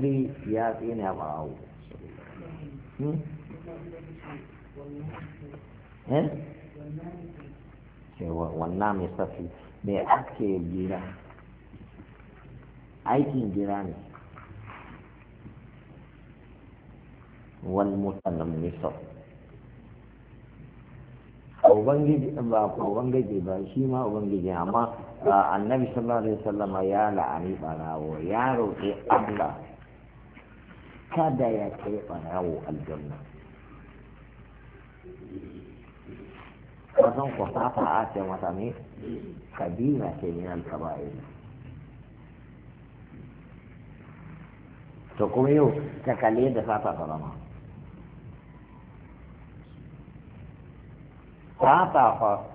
asali ya tsine a bawo. Hmm? Eh? wannan mai safi mai ake gira aikin gira ne wani mutanen misal ubangiji ba ubangiji ba shi ma ubangiji amma annabi sallallahu alaihi wasallama ya la'ani barawo ya roƙi allah كاد يتيقنوا الجنة فصن قصاصة آسيا وطني كبيرة من الكبائر تقوميو تكاليد فاتا فرما فاتا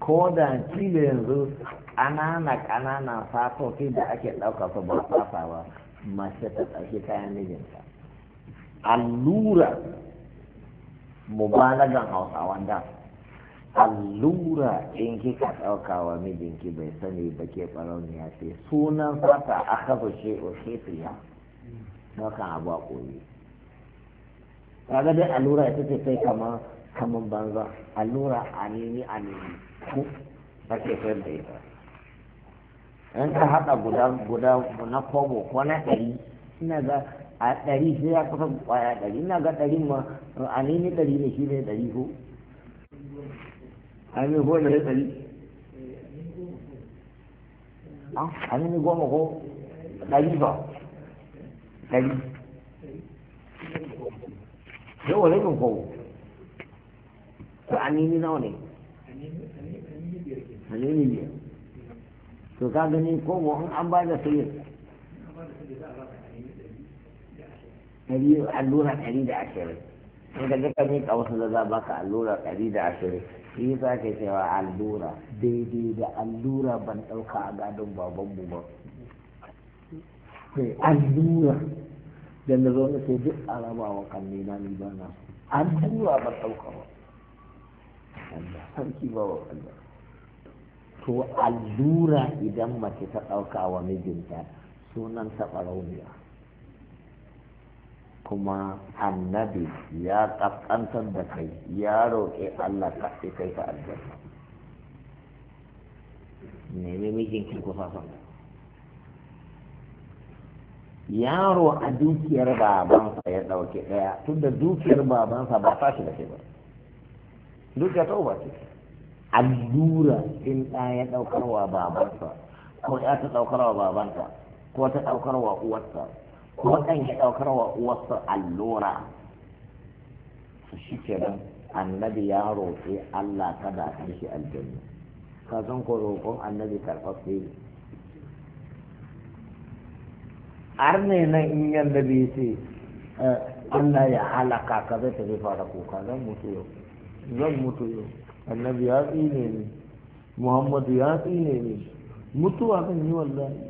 كودا كيلين انا أنانك أنانا فاتو كيدا أكيد لو كفبو فاتا ما شتت أكيد كان نجنك allura mubalagan hausawan da allura in kika ɗauka wa mijinki bai sani ba ke ya ce sunan fata a kafa ce o shefiya ɗaukan abu a ƙoyi kaga dai allura ita ce sai kama kamar banza allura a nemi a nemi ba ke kai da ita in ka haɗa guda guda na kobo ko na ɗari ina ga a ɗari sai ya kusa kwaya ɗari na ga ɗari ma a nemi ɗari ne shi ne ɗari ko a nemi ko da ya ɗari a ah, nemi goma ko ɗari ba ɗari yau wani kun kowo to a nemi nawa ne a nemi biyar to ka gani ko an ba da ɗari allura ɗari da ashirin in ka jika miƙa wasu da za baka allura ɗari da ashirin shi yasa ke cewa allura daidai da allura ban ɗauka a gadon babanmu ba allura da na zo na sai duk a raba wa kanne na ni ba na allura ban ɗauka ba Allah sarki ba wa Allah to allura idan mace ta ɗauka wa mijinta sunan ta ɓarauniya kuma annabi ya ƙasƙantar da kai ya roƙe Allah ka kai ka aljanna nemi mijinki kusa son yaro a dukiyar babansa ya ɗauke ɗaya tun da dukiyar babansa ba ta shi da ke ba dukiya ta uba ce allura in ɗa ya ɗaukar wa babansa ko ya ta ɗaukar wa ko ta ɗaukar wa uwarsa kuma kan ya ɗaukar wa uwarsa allura su shi nan annabi ya roƙi Allah da a shi aljanna ka san ko roƙon annabi karɓaɓɓe ne har ne nan in yadda bai ce eh, Allah ya halaka ka zai tafi fara kuka zan mutu yau zan mutu yau annabi ya tsine ne muhammadu ya tsine ne mutuwa zan yi wallahi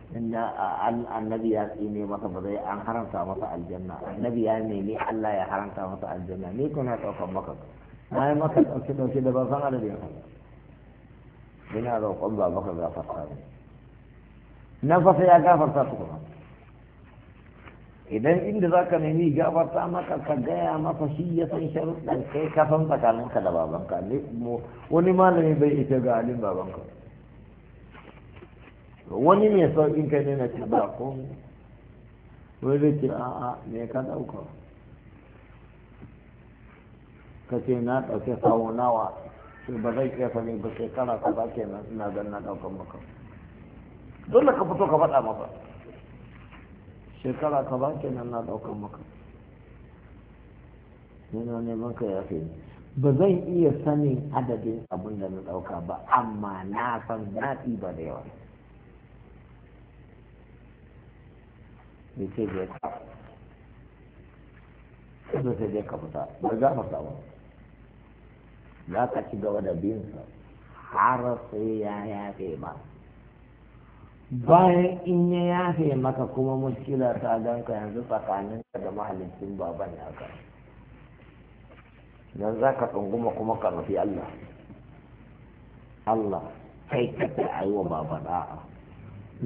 إن النبي يأتيني مصبري أن حرمت مصع الجنة النبي يأتيني ألا يحرمت مصع الجنة نيكون أتوقع مكة ما يمكن أن تكون كده بفعل على دين بنا لو قلبا بكر لا فرصة نفس يا جافر تقول idan inda za ka nemi gabarta maka ka gaya masa shi ya san sharuɗin kai ka san tsakaninka da babanka wani malami bai ita ga alin babanka wani mai sauƙin kai ne na ce ba komi wani zai ce a'a me ka ɗauka ka ce na ɗauke sawo nawa shi ba zai iya ne ba shekara ka ba ke nan ina zan na ɗaukan maka dole ka fito ka faɗa maka shekara ka ba ke nan na ɗaukan maka yana neman ka yafe ni ba zan iya sanin adadin abin da na ɗauka ba amma na san na ba da yawa bai ce ya ka sai sai dai ka fita bai gafarta ba za ka ci gaba da sa har sai ya yafe ba bayan in ya yafe maka kuma muskila ta ganka yanzu tsakanin da mahallin baban naka dan za ka tsunguma kuma ka rufi Allah Allah kai ka ta aiwa baba da'a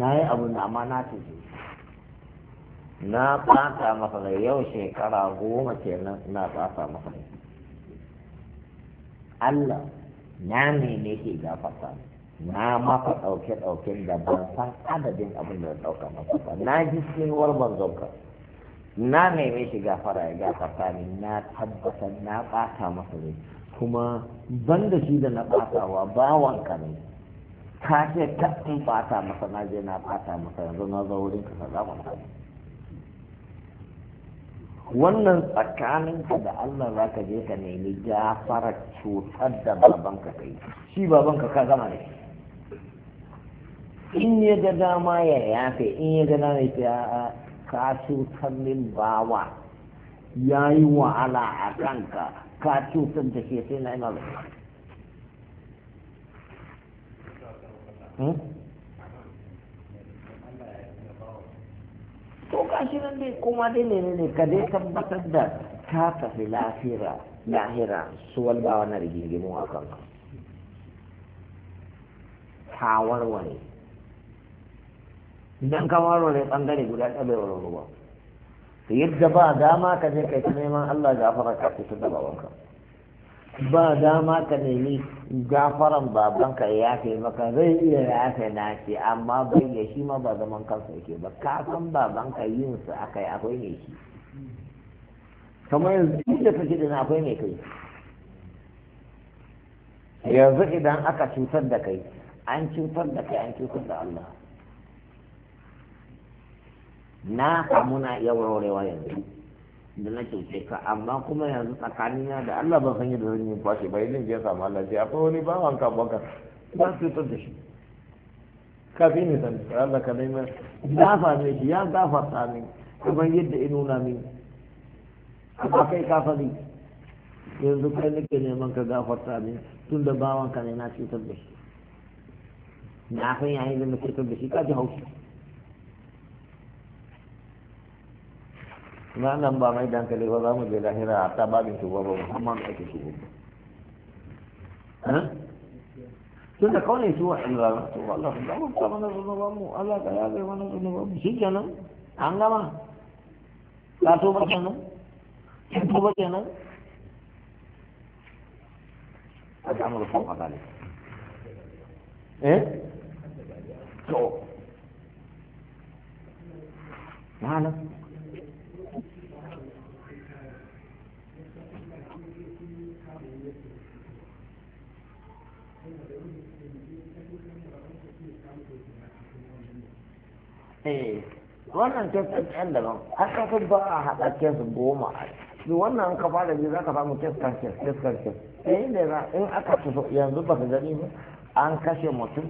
na yi abu na amma na na ɓata masa da yau shekara goma kenan na ɓata masa ne Allah na ne ne ke gafarta na maka ɗauke ɗauke da ban san adadin abin da ɗauka masa ba na ji sinwar ban zauka na neme shi gafara ya gafarta ne na tabbatar na ɓata masa ne kuma ban da shi da na ɓatawa bawanka ne ka ce ka ɓata masa na je na ɓata masa yanzu na zo wurin ka ka zama masa wannan tsakaninka da Allah za ka je ka nemi gafara cutar da ka kai shi baban ka ka zama ne in ya ga dama ya yafe in ya ga dama ya ka cutar min bawa ya yi wahala a kanka ka cutar da ke sai na yi gashi nan dai kuma dai ne ne ka dai tabbatar da ka tafi lafira lahira su walba wani rigingimu a kan ka warware idan ka warware bangare guda ɗabe wa ruwa yadda ba dama ka je kai ta neman Allah gafara ka fito da babanka ba dama ka nemi gafaran babanka ya yafe maka zai iya yafe na ce amma bai ya shi ma ba zaman kansa yake ba ka san babanka yin su akai akwai mai shi kamar yanzu duk da kake da akwai mai kai yanzu idan aka cutar da kai an cutar da kai an cutar da Allah na samu na iya yanzu da na kyauce ka amma kuma yanzu tsakanina da Allah ban san yadda zan yi kwashe bai zan je samu Allah sai akwai wani bawan ka baka ba su tsar da shi kafin ne san Allah ka nema dafa ne shi ya dafa ta ne kamar yadda ya nuna min a kai ka fadi yanzu kai nake neman ka gafarta min tun da bawan ka ne na cutar da shi na san yayin da na cutar da shi ka ji haushi na nan ba mai dankali ba za mu je lahira ta babin shugaba ba ake eh? tun da kawai su wa to Allah zama ta mana mu Allah ka yaga mana mu shi kenan an gama ka to ba kenan kin to ba kenan eh to eh wannan test ɗin daban har ka ba a haɗa test goma duk wannan an ka fara biyu za ka samu test kanke. test kancer eh ne na in aka tuso yanzu ba ka gani ba an kashe mutum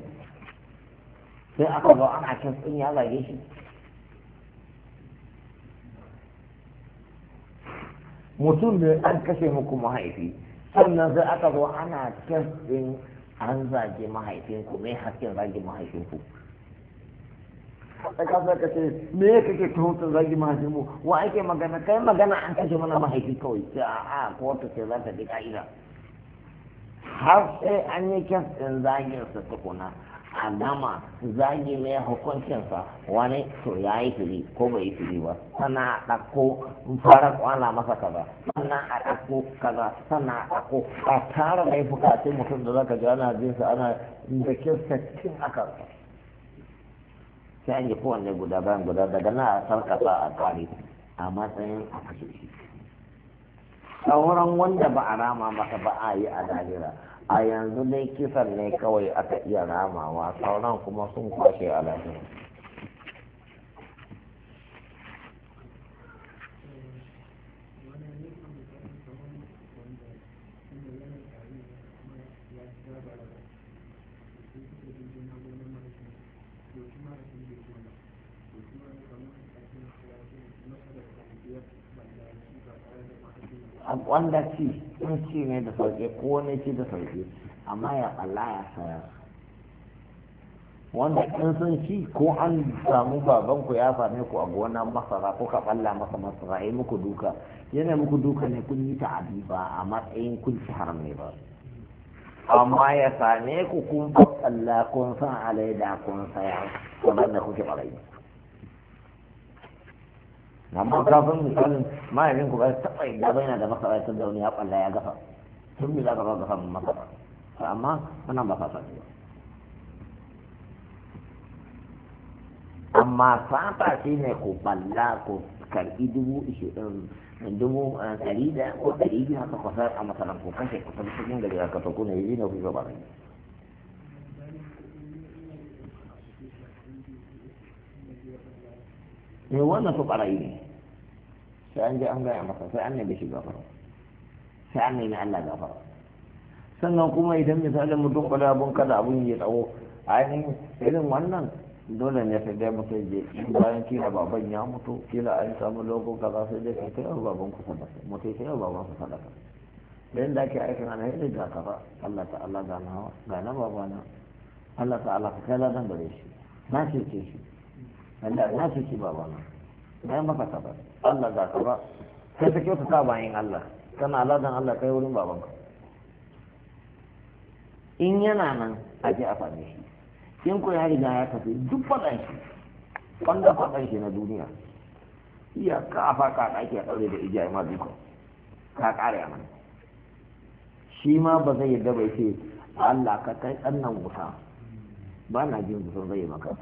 sai aka zo ana test ɗin ya zage shi mutum ne an kashe muku mahaifi sannan sai aka zo ana test ɗin an zage mahaifinku mai hakkin zage mahaifinku sai ka ka ce me ya kake tuhumtar zagi mu wa ake magana kai magana an kashe mana mahaifi kawai sai a a kotu ce za ta bi ka'ida har sai an yi kyan ɗin zaginsa tukuna a gama zagi mai hukuncinsa wani to ya yi fili ko bai yi fili ba sannan a ɗauko fara kwana masa kaza sannan a ɗakko kaza sannan a ɗakko a tara laifuka sai mutum da zaka ji ana jinsa ana da kyan sattin a kansa sai an yi kowanne guda bayan guda daga na a sarkasa a kare a matsayin a kashe shi sauran wanda ba a rama masa ba a yi a dalila, a yanzu dai kisan ne kawai aka iya ramawa sauran kuma sun kwashe a lahira wanda ci in ci ne da sauke ko wani ci da sauke amma ya Allah ya sayar wanda in sun ci ko an samu baban ku ya same ku a gona masara ko ka balla masa masara ya muku duka yana muku duka ne kun yi abi ba a matsayin kun ci haram ne ba amma ya same ku kun fa kun san alaida kun sayar kuma da kuke barai amma kafin misalin malamin ku ba taɓa yadda ba yana da masara ta da wani ya ƙwalla ya gafa tun bi za ka ba gafa masara amma wannan ba fasa ba amma fata shi ne ku balla ku karɓi dubu ishirin dubu eh, ɗari da ko ɗari biyu haka kwasar a masalan ku kashe ku tafi cikin gari haka to kuna yi na kuka ba ne eh, wannan su ɓarayi ne sai an je an gaya masa sai an nemi shi gafara sai an nemi Allah gafara sannan kuma idan misalin mutum kwada abun kada abun ya tsawo ainihin irin wannan dole ne sai dai mutum je bayan kila baban ya mutu kila an samu logo kaza sai dai sai kai baban ku sadaka mutum sai baban ku sadaka dan da ake aikin ana alheri ga kafa Allah ta'ala ga nawa ga na babana Allah ta'ala ka kai ladan gare shi na ce ce shi Allah na ce ce babana bai masa ka ba Allah za ka ba sai ta kyauta ta bayan Allah kana aladan Allah kai wurin babanka in yana nan a je a same shi in ku ya riga ya tafi duk faɗan shi wanda faɗan shi na duniya iya ka a faka ka ɗaki a ɗaure da igiya ma duka ka ƙare a nan shi ma ba zai yarda bai ce Allah ka kai ɗan nan wuta ba na jin zuwa zai maka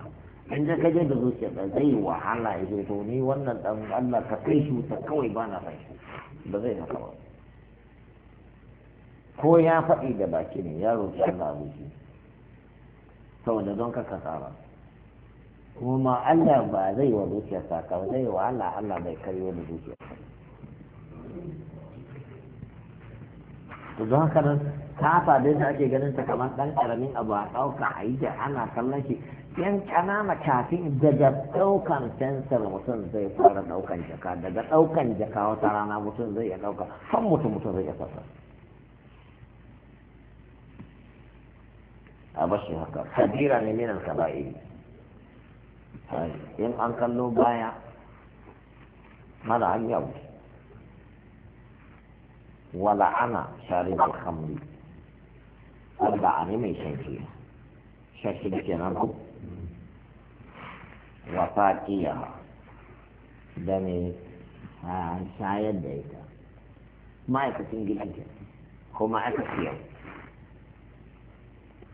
in ka kaje da zuciya da zai wahala ya zai to ni wannan dan Allah ka kai shi ta kawai ba na san ba zai haka ba ko ya faɗi da baki ne ya roƙi Allah abuki saboda don ka tsara kuma Allah ba zai wa zuciya ta ka zai wa Allah Allah bai karyo da zuciya to don haka nan kafa dai da ake ganin ta kamar dan karamin abu a ɗauka a yi ana kallon shi yan kanana kafin daga ɗaukan sensor mutum zai fara ɗaukan jaka daga ɗaukan jaka wata rana mutum zai iya ɗauka san mutum mutum zai iya fasa a bashi haka sabira ne minan saba'i in an kallo baya mara an yau wala ana sharin alhamdu wanda a ne mai shan fiye shan shi kenan ku وفاتيها دني عن سايا ديتا ما يكتن جلجة هو ما يكتن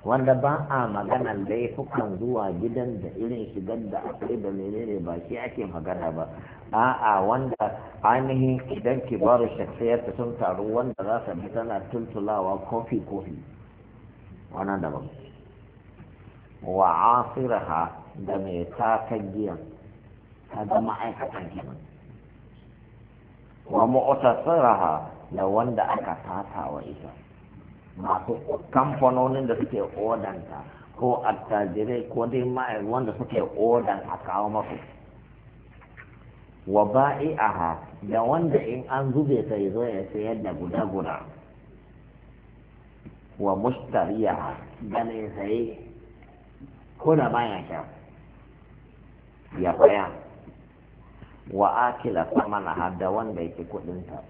وان دبا آما آه، غنى اللي حكم ذوى جدا دا إلين شدد دا أقريبا لليلي باشي أكي مغرها با آآ آه، آآ آه، وان دا آنه إدن كبار الشخصية تسن تارو وان دا غاسا بسنا تلت الله وكوفي كوفي وانا دبا وعاصرها da mai takan giyan ta zama ma'aikatan giyan wa mu'tasiraha da wanda aka tata wa ita masu kamfanonin da suke odanta ko attajirai ko dai ma'ai wanda suke odan a kawo masu wa ba'i'aha da wanda in an zube ta zo ya sayar da guda guda wa mushtariya da mai saye ko da baya kyau ya saya wa akila samana hada wanda yake kudinta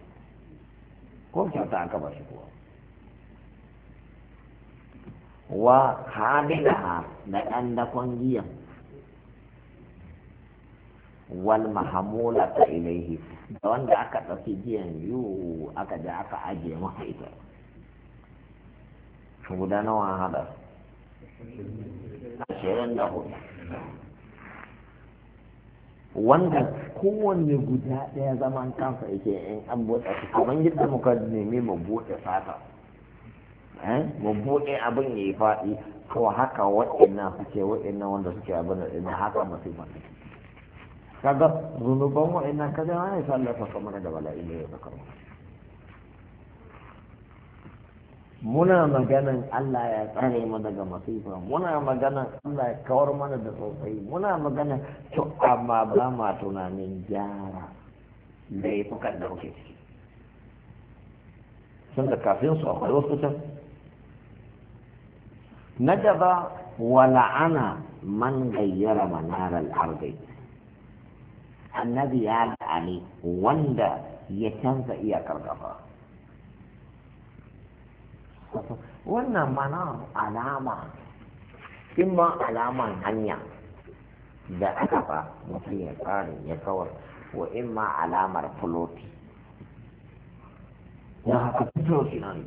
ko kyauta aka ba shi kuwa wa hamilaha da ɗan dakon giyan wal mahamula ta ilaihi da wanda aka ɗauki giyan yiwu aka je aka ajiye masa ita guda nawa hada ashirin da hudu wanda kowanne guda ɗaya zaman kansa yake in an buɗe su kamar yadda muka nemi mu buɗe fata eh, mu buɗe abin ya yi faɗi ko haka waɗannan suke waɗannan wanda suke abin da haka masu ba kaga zunuban waɗannan kaga ya yi sallafa kamar da bala'i ne ya zakar muna maganan Allah ya tsare mu daga masifa muna maganan Allah ya kawar mana da sosai muna magana to amma ba ma tunanin gyara da ya fukar da muke ciki sun da kafin su akwai wasu can na gaba wala'ana man gayyara manarar ardai annabi ya la'ani wanda ya canza iyakar kafa wannan mana alama in ma alaman hanya da aka ba mutum ya tsari ya kawar wa in ma alamar fuloti ya haka fito na yi.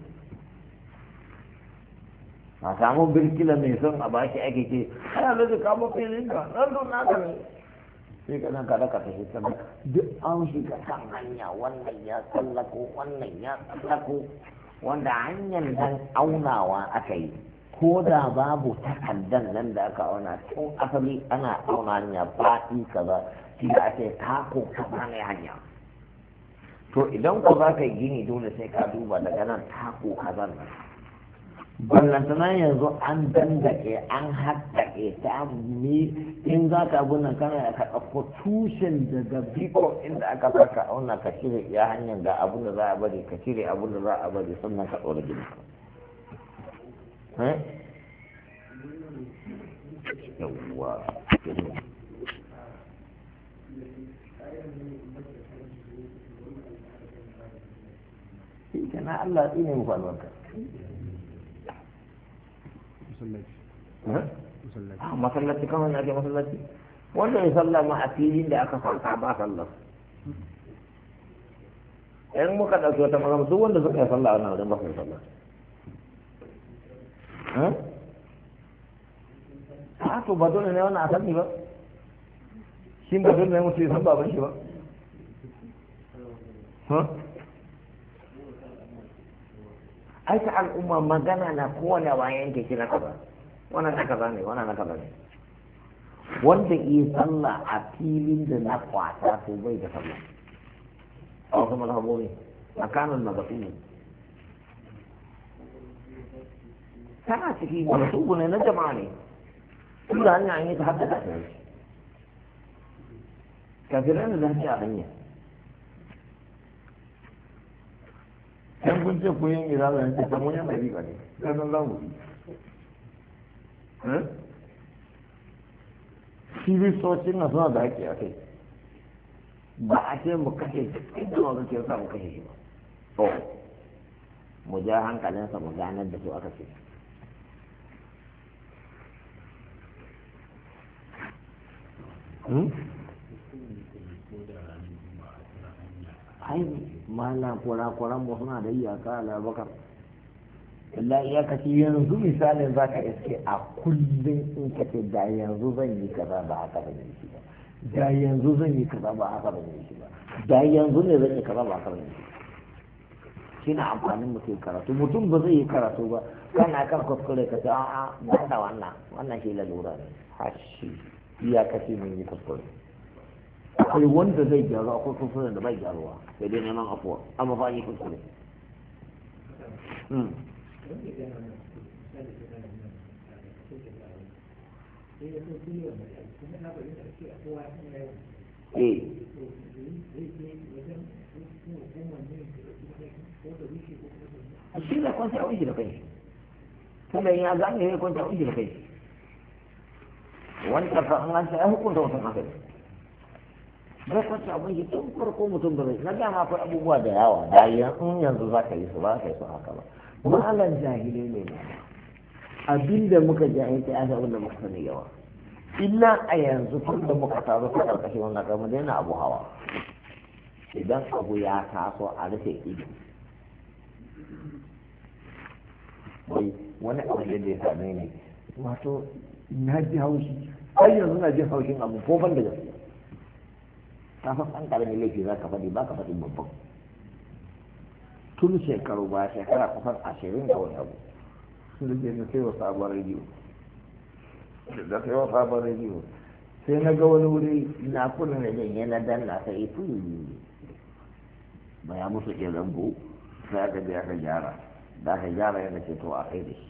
a samu birkila mai son a baki ake ce ana da zuka ba filin ka nan don naka ne sai ka nan kada ka tafi sama duk an shiga kan hanya wannan ya tsallako wannan ya tsallako wanda hanyar dan aunawa aka yi ko da babu takaddan nan da aka auna tun asali ana auna hanya faɗi kaza shi da ake tako kaza ne hanya to idan ku za ka yi gini dole sai ka duba daga nan tako kaza ne ballantana yanzu an dandake an haɗa haɗe eh, ta mi in za ka abu nan kana ka ɗauko tushen daga biko inda aka saka auna ka cire ya hanyar da abu da za a bari ka cire abu da za a bari sannan ka ɗora gida eh? yawwa Allah tsine mu falwarka masallaci, a ah, masallaci kawai na ke masallaci wanda ya ma a filin da aka sauka ba sallar yan muka ɗauki wata magana su wanda suka yi salla a wajen ba su sallah a ah, to ba dole ne wannan a sani ba shi ba dole ne mutum ya san ba shi ba ai ta al'umma magana na kowane bayan ke kira ka ba wannan na kaza ne wannan na kaza ne wanda yi sallah a filin da na kwata to bai da sallah a wasu mazhabobi a kanun mazafi ne tana ciki masu ne na jama'a ne su da hanya an yi ta haddada ta yi kafiran da ta a hanya yan kun ce kun yi mira da yanke samun yan bai riba ne kasan za mu yi Eh? kiristocin na suna da haƙƙi a kai ba a ce mu kashe inda ma kake sa mu kashe shi ba to mu ja hankalinsa mu ganar da su aka ce hmm? ai malam kura-kuran mu suna da iyaka a labakar illa iyakaci yanzu misalin za ka iske a kullum in ka ce da yanzu zan yi kaza ba haka ba ne shi ba da yanzu zan yi kaza ba haka ba ne shi ba da yanzu ne zan yi kaza ba haka ba ne shi ba shine amfanin mutum karatu mutum ba zai yi karatu ba kana kan kuskure ka ce a'a na da wannan wannan shi lalura ne hashi iyakaci mun yi kuskure akwai wanda zai gyaru akwai kuskure da bai gyaruwa sai dai neman afuwa amma fa yi kuskure hmm. shi ne kwanci a wuce da kai tunda ya gane ne kwanci a wuce da kai wani ƙarfa an an ya malam jahilai ne abinda muka jahilta a zaɓin da muka sani yawa illa a yanzu tun da muka taru ta ƙarƙashin wannan kamar yana abu hawa idan abu ya taso a rufe ido wai wani abu da ya same ni wato na ji haushi ai yanzu na ji haushin abu ko ban da gaske kafin an ƙarami laifi za ka faɗi ba ka faɗi babban tun shekaru ba shekara kusan ashirin da wani abu da ke na sai wa sabon rediyo da sai wa sabon rediyo sai na ga wani wuri na kuna da janye na na sai ifu yi ba ya musu ke lambu sai aka biya ka gyara da aka gyara yana ce to a kai da shi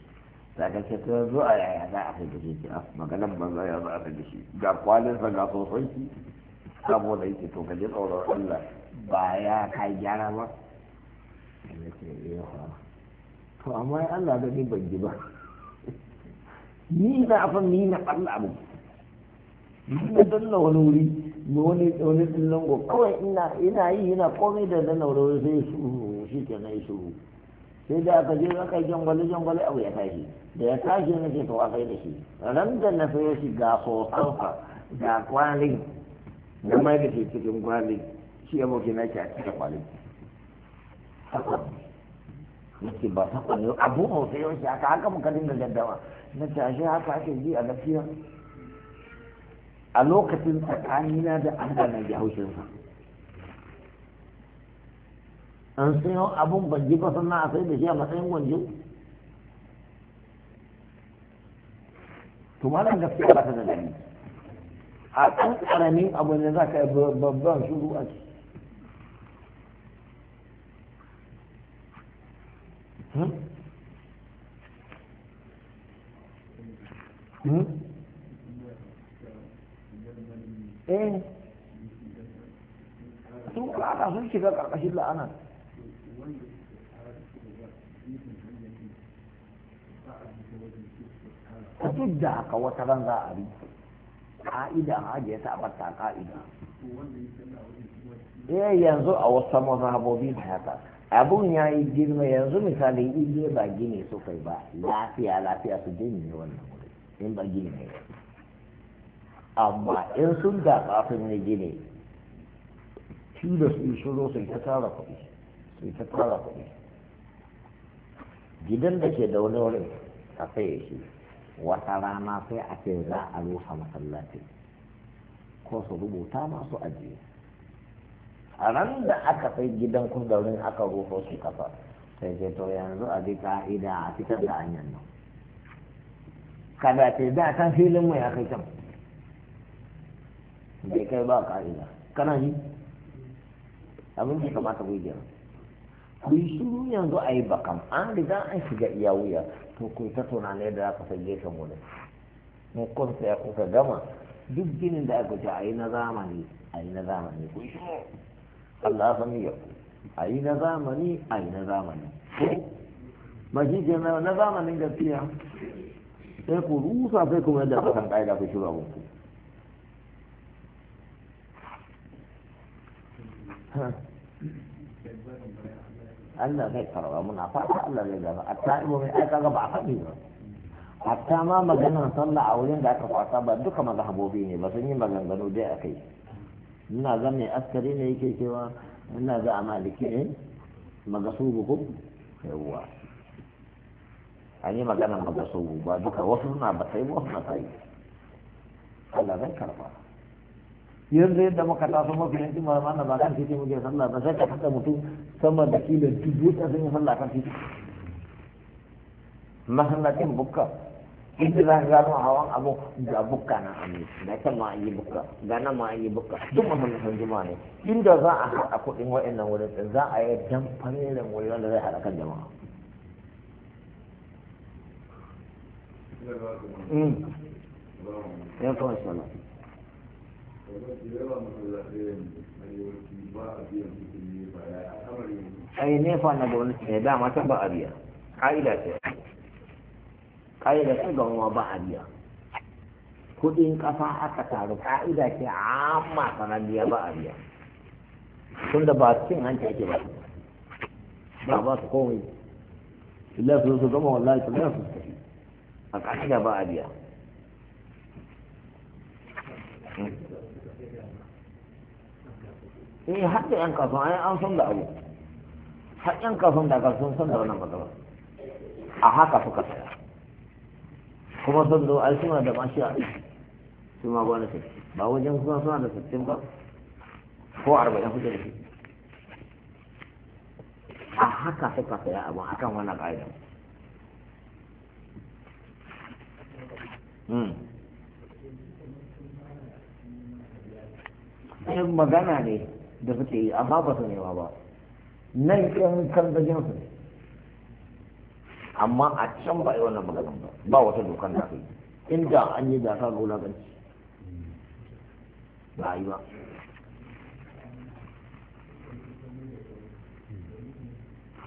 da aka ce to yanzu a yaya za a kai da shi kira ah, maganan banza ya za a kai da shi ga kwalinsa ga sosai. shi saboda yake to ka je tsoron Allah ba ya kai gyara ba ya ce ya eh, to amma ya Allah ga ban ji ba ni na fa ni na ɓalla abu na danna wani wuri wani wani tsillango kawai ina ina yi yana komai da danna wani wuri sai su shi ke na yi su sai da aka je aka yi jangwale jangwale abu ya tashi da ya tashi na ce to aka yi da shi ran da na sayo shi ga sosansa ga kwalin na mai da shi cikin kwalin shi abokin na ke a cikin kwalin takwas yake ba takwas yau abu hausa yau shi haka haka muka dinga gaddawa na tashi haka ake ji a gaskiya a lokacin tsakanina da an na ji haushinsa an sayo abun ban ji ba sannan a sai da shi a matsayin gwanjo to malam gaskiya ba ta da dalili a ɗan ƙaramin abu ne za ka yi babban shuru a ciki Hmm? Hmm? eh sun kada sun shiga karkashin a duk da haka wata ran za a bi ka'ida a ta a batta ka'ida eh yanzu a wasu mazhabobi da haka abun ya yi girma yanzu misali ije ba gini su kai ba lafiya lafiya su gini ne wannan wuri in ba gini ne amma in sun da kafin ne gini shi da su shiro sai ta tara kuɗi sai ta tara kuɗi gidan da ke da wani wurin ka saye shi wata rana sai a ce za a rusa masallaci ko su rubuta masu ajiye a ran da aka sai gidan kundaurin aka rufo su kafa sai ce to yanzu a bi ka'ida a fitar da hanyar nan kada ce da kan filin mu ya kai can bai kai ba ka'ida kana yi abin da kamata ku yi ku yi shiru yanzu a yi bakam an riga an shiga iya wuya to ku ta tunanin da aka sai gefen wurin mu kunsa ya kuka gama duk ginin da aka ce a yi na zamani a yi na zamani ku yi shiru Allah sami yau a yi na zamani a yi na zamani majijin na zamanin gaskiya sai ku rusa sai kuma yadda kasan ƙa'ida ku shiga abinku Allah zai karba muna fata Allah zai gaba a ta imo mai aika ba a faɗi ba hatta ma maganar sallah a wurin da aka kwasa ba duka mazhabobi ne ba sun yi maganganu dai a kai ina ga mai askari ne yake cewa ina ga a maliki ne magasubu ko yawwa an yi magana magasubu ba duka wasu na ba sai wasu na sai Allah zai karba. yanzu yadda muka taso mafi yanzu ma mana ba kan titi muke sallah ba sai ka kasa mutum sama da kilo dubu ta sun yi sallah kan titi masallacin bukka inda lah ka hawan abu ga bukka na hannu da ta ma yi bukka ga na ma yi bukka duk mutum sun juma ne inda za a haɗa kuɗin wa'annan wurin za a yi dan yang wanda zai haɗa kan jama'a yan kawai sana ai nefa na gwamnati ne dama ta ba a biya ƙa'ida ƙa'ida ta ga ba a biya kuɗin ƙasa aka taru ƙa'ida ce amma biya ba a biya tun da ba cin hanci ake ba ba ba su komai illa su su gama wallahi su ne su tafi a ƙa'ida ba a biya eh har da 'yan kasuwa an san da abu har 'yan kasuwan da sun san da wannan magana a haka suka tsaya kuma sun zo ai suna da mashi a su ma gwana sai ba wajen kuma suna da sittin ba ko arba'in kuke da shi a haka suka saya abu akan wannan ƙa'idar hmm. magana ne da suke yi amma ba su nema ba nan ƙin kan da jinsu ne amma a can ba yi wannan maganin ba ba wata dokan da aka inda an yi gasa ga wulaganci ba a yi ba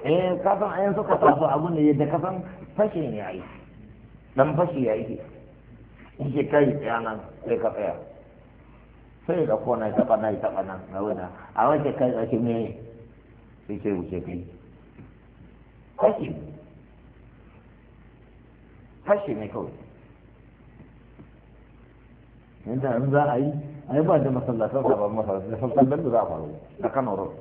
eh kasan ayan suka taso abin da yadda kasan fashe ne ya yi dan fashe ya yi in ke kai tsaya sai ka tsaya sai ka ko na taba na taba nan na wuna a wace kai ke me ce wuce kai fashe fashi ne kawai yadda an za a yi a yi ba da masallatan ba masallatan da sassan da za a faru da kano road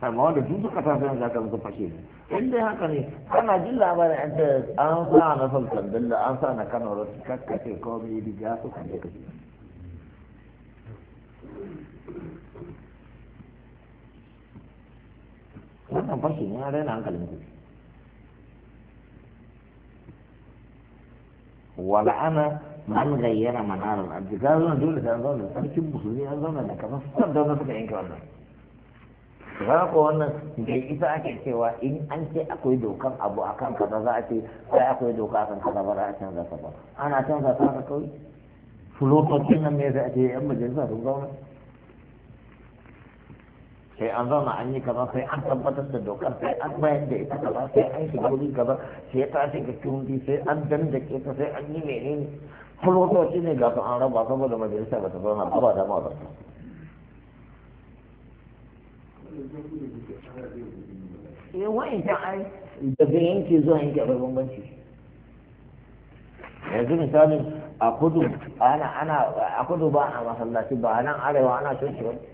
amma wanda duk ta tafi yanzu aka zuka fashe ne in dai haka ne ana jin labarin an ta an sa na sultan bello an sa na kano road kakkace komai riga su kan je kashi wannan fashe ne ya raina hankalin kuɗi wala'ana man gayyara manarar arzi ga dole sai an zauna sarkin musulmi an zauna da kamar sun zauna suka yanke wannan ga ko wannan da ita ake cewa in an ce akwai dokan abu akan kaza za a ce sai akwai doka akan kaza ba za a canza ta ba ana canza ta haka kawai fulotocin nan ne za a ce yan majalisa sun zauna sai an zauna an yi kaza sai an tabbatar da dokar sai an bayan da ita kaza sai an shiga wuri kaza sai ta shiga kundi sai an ke ta sai an yi menene wace ne ga an raba saboda majalisa ba ta zauna ba ba da ma zarta eh wa'in ta ai daga yanke zuwa yanke akwai bambanci yanzu misalin a kudu ana ana a kudu ba a masallaci ba nan arewa ana coci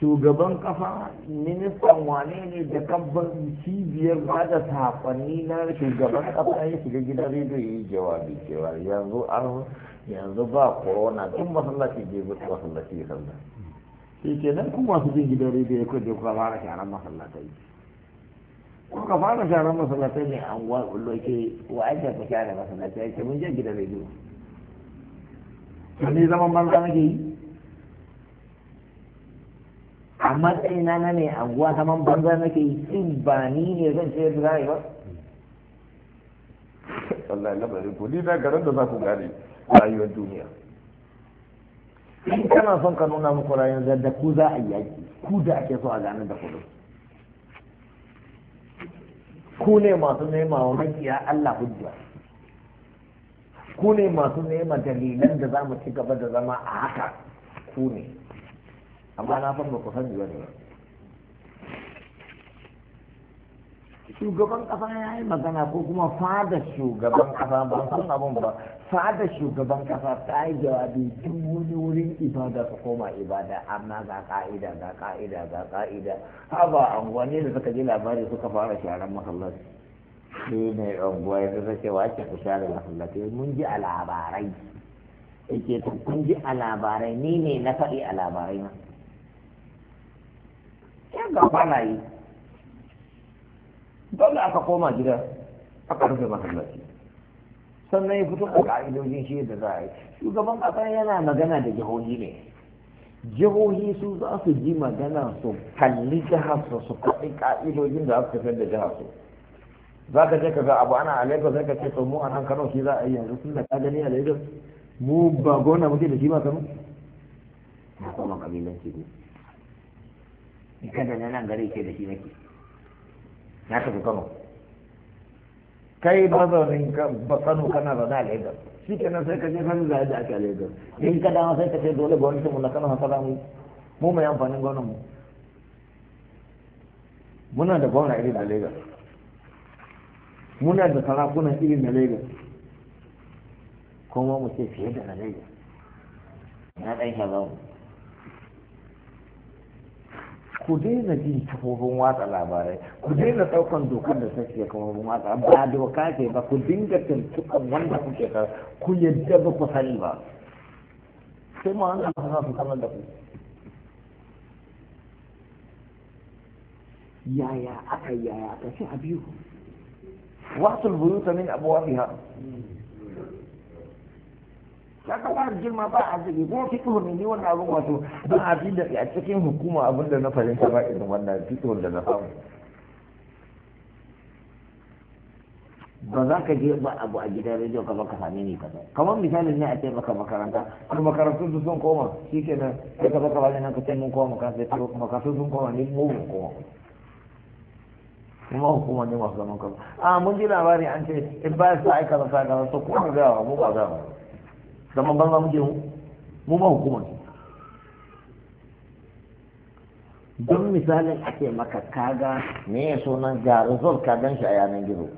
shugaban kafa ministan wane ne da kabban cibiyar da sakonni na shugaban kafa ya shiga gidan rediyo ya yi jawabi cewa yanzu an yanzu ba corona tun masallaci je bi masallaci ya sallah shi ke nan kuma masu jin gidan rediyo ya kwaje kuka fara sharan masallatai kuka fara sharan masallatai ne an wa kullo ke wa ake ku share masallatai ke mun je gidan rediyo ne zaman banza nake yi a matsayina na ne anguwa zaman banza nake yi in ba ni ne zan ce da zai ba wallahi labarin ko ni da garan da za ku gane rayuwar duniya in kana son ka nuna muku rayuwar da ku za a yi yaki ku da ake so a gane da kudu ku ne masu nema wa makiya Allah hujja ku ne masu nema dalilan da za mu ci gaba da zama a haka ku ne amma na san ba ku sani ba ne ba shugaban kasa ya yi magana ko kuma fada shugaban kasa ba san abin ba fada shugaban kasa ta yi jawabi duk wani wurin ibada ka koma ibada amma ga ka'ida ga ka'ida ga ka'ida haba anguwanni da suka ji labari suka fara sharan masallaci shi ne anguwa ya zai ce wace ku share masallaci mun ji a labarai yake kun ji a labarai ni ne na faɗi a labarai na ya ga yi. dole aka koma gida aka rufe masallaci sannan ya fito da ka'idojin shi da za a yi shugaban kasa yana magana da jihohi ne jihohi su za su ji magana su kalli jihar su su faɗi ka'idojin da aka fitar da jihar su za ka je ka ga abu ana alaikar zai ka ce to mu a nan kano shi za a yi yanzu tun da ka gani a mu ba gona muke da shi ba kano ya kuma kabilanci ne kada na nan gari ke da shi nake na tafi kano kai ba zaunin ba kano kana zaune a lagos shi kenan sai ka je kan zai da ake a lagos in ka dama sai ka ce dole gwamnatin mu na kano haka za mu mu mai amfanin gwamnan mu muna da gwamna irin da lagos muna da sarakunan irin da lagos kuma mu ce fiye da na lagos na ɗan shazamu ku daina jin kafofin watsa labarai ku daina daukan dokar da take kafofin watsa ba doka ce ba ku dinga tuntuɓan wanda kuke ka ku yadda ba ku sani ba sai ma wanda za su sanar da ku yaya aka yaya aka shi abiyu biyu wasu buyuta min abuwa biya ya ka fara girma ba a zai ko fito ne ni wannan abin wato don abin da a cikin hukuma abin da na fahimta ba irin wannan fito da na samu ba za ka je ba abu a gidan rediyo ka baka same ni zai kamar misali ne a ce maka makaranta kuma makarantu su sun koma shi ke nan sai ka baka bane nan ka ce mun koma makaranta sai ka makarantu sun koma ni mu mun koma kuma hukuma ne masu zaman kansu a ah, mun ji labari an ce in ba su aika masu ga wasu kuma ga mu ba za mu zaman banza muke mu mu ba hukuma don misalin ake maka kaga me ya sunan ga result ka gan shi a yanar gizo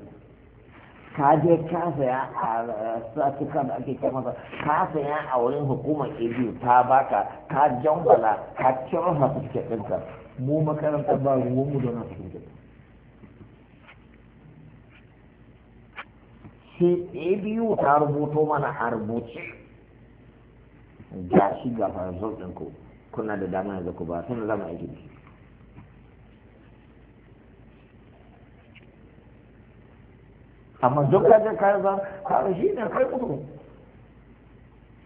ka je ka saya a eh, satuka da ake ce masa ka saya a wurin hukumar edu ta baka ka jambala ka su ke ɗinka mu makaranta ba ruwan mu da na certificate sai biyu ta rubuto mana a rubuce ga shi ga faransa ɗinku kuna da dama yanzu ku ba tun zama aiki da amma duk ka je ba za ka shi ne kai mutu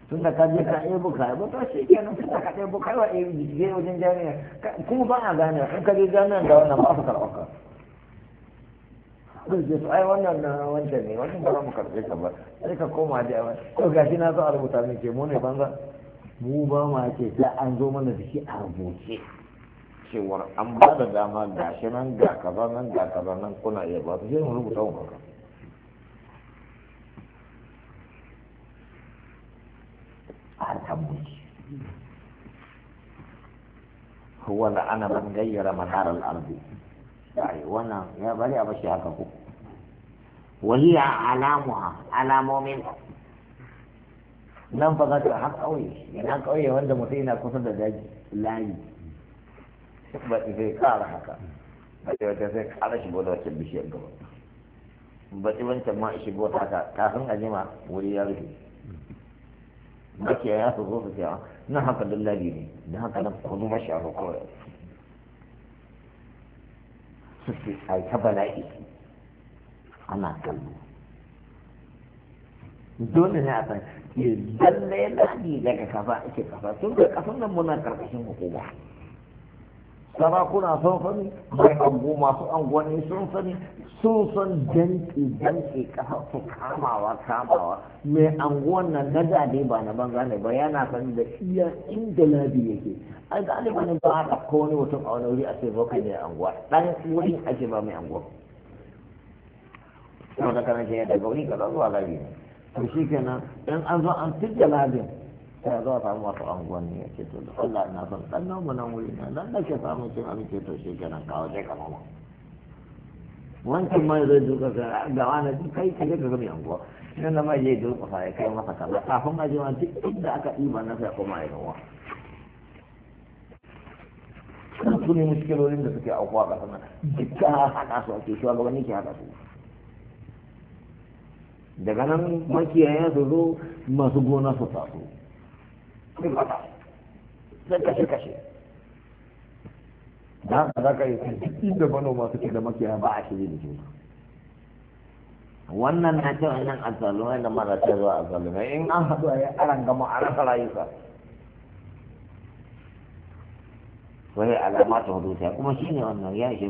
tun da ka je ka yi buka yi buka shi ke nan tunda ka ɗaya buka yi wa ɗaya wajen jami'a kuma ba a gane in ka je jami'a da wannan ba su karɓar ka kurje su ai wannan na wancan ne wannan ba za mu karɓe ka ba sai ka koma gashi na zo a rubuta min ke mu ne banza mu ba ma ke da an zo mana da shi a rubuce cewar an ba da dama nan ga kaza nan ga kaza nan kuna iya ba su sai mu rubuta mu a tabbaci هو ana من غير منار sai wannan ya bari a bashi haka ko wahiya alamuha alamomin nan fa za ta har kauye ina ƙauye wanda mutum yana kusa da daji layi ba zai ƙara haka ba zai wata sai ƙara shi da wacce bishiyar gaba ba zai wancan ma shi ta haka kafin a jima wuri ya rufe makiya ya su zo su cewa ah, na haka dullabi ne na haka na kudu mashi a kawai suke ce bala'i ana kallo dole ne a san lalle eh, lalle daga kafa ake kafa tun da kasan nan muna karkashin hukuma sarakuna sun sani mai angu masu anguwanni sun sani sun san danki danki kasa su kamawa kamawa mai anguwan nan na dade ba na banza ne ba yana sani da iya inda labi yake a galiban ba a ɗauko wani mutum a wani wuri a ce bakwai kai mai anguwa ɗan wurin ake ba mai anguwa kuma da kanan ke yadda gauri kaza zuwa labi ne to shi kenan in an zo an fidda labin sai zuwa samu wasu anguwanni ya ce to da Allah na son dan nan mu nan wuri na dan da ke samu cin abinci to shi nan kawo je kama mama wancan mai zai duka ka ah, da wani duk kai ka ga ka gami anguwa nan da mai zai duka fa ya kai masa kaza kafin ma je wani duk inda aka ɗiba na sai kuma ya rawa su ne muskilolin da suke aukuwa ƙasa nan duka haɗa su ake shugabanni ke haɗa su daga nan makiyayen su zo masu gona su taso bin haka sai kashe ba a da wannan na cewa azalumai da zuwa azalumai in an haɗu a yi aran gama a rasa rayuka alama ta hudu kuma shi ne wannan ya shi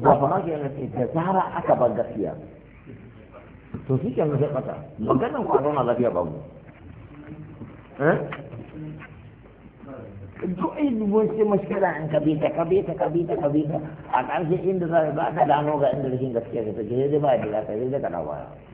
ba fara ke yana ce da zara aka ba gaskiya to shi kenan zai bata maganan ku na lafiya ba mu eh? duk ilimin sai mashkila in ka bita ka bita ka bita ka bita a ƙarshe inda za ba ka gano ga inda rashin gaskiya ka take sai dai ba da lafiya sai